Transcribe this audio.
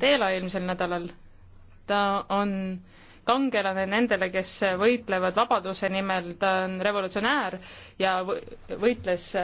Mandela eelmisel nädalal. ta on kangelane nendele, kes võitlevad vabaduse nimel, ta on revolutsionäär ja võitles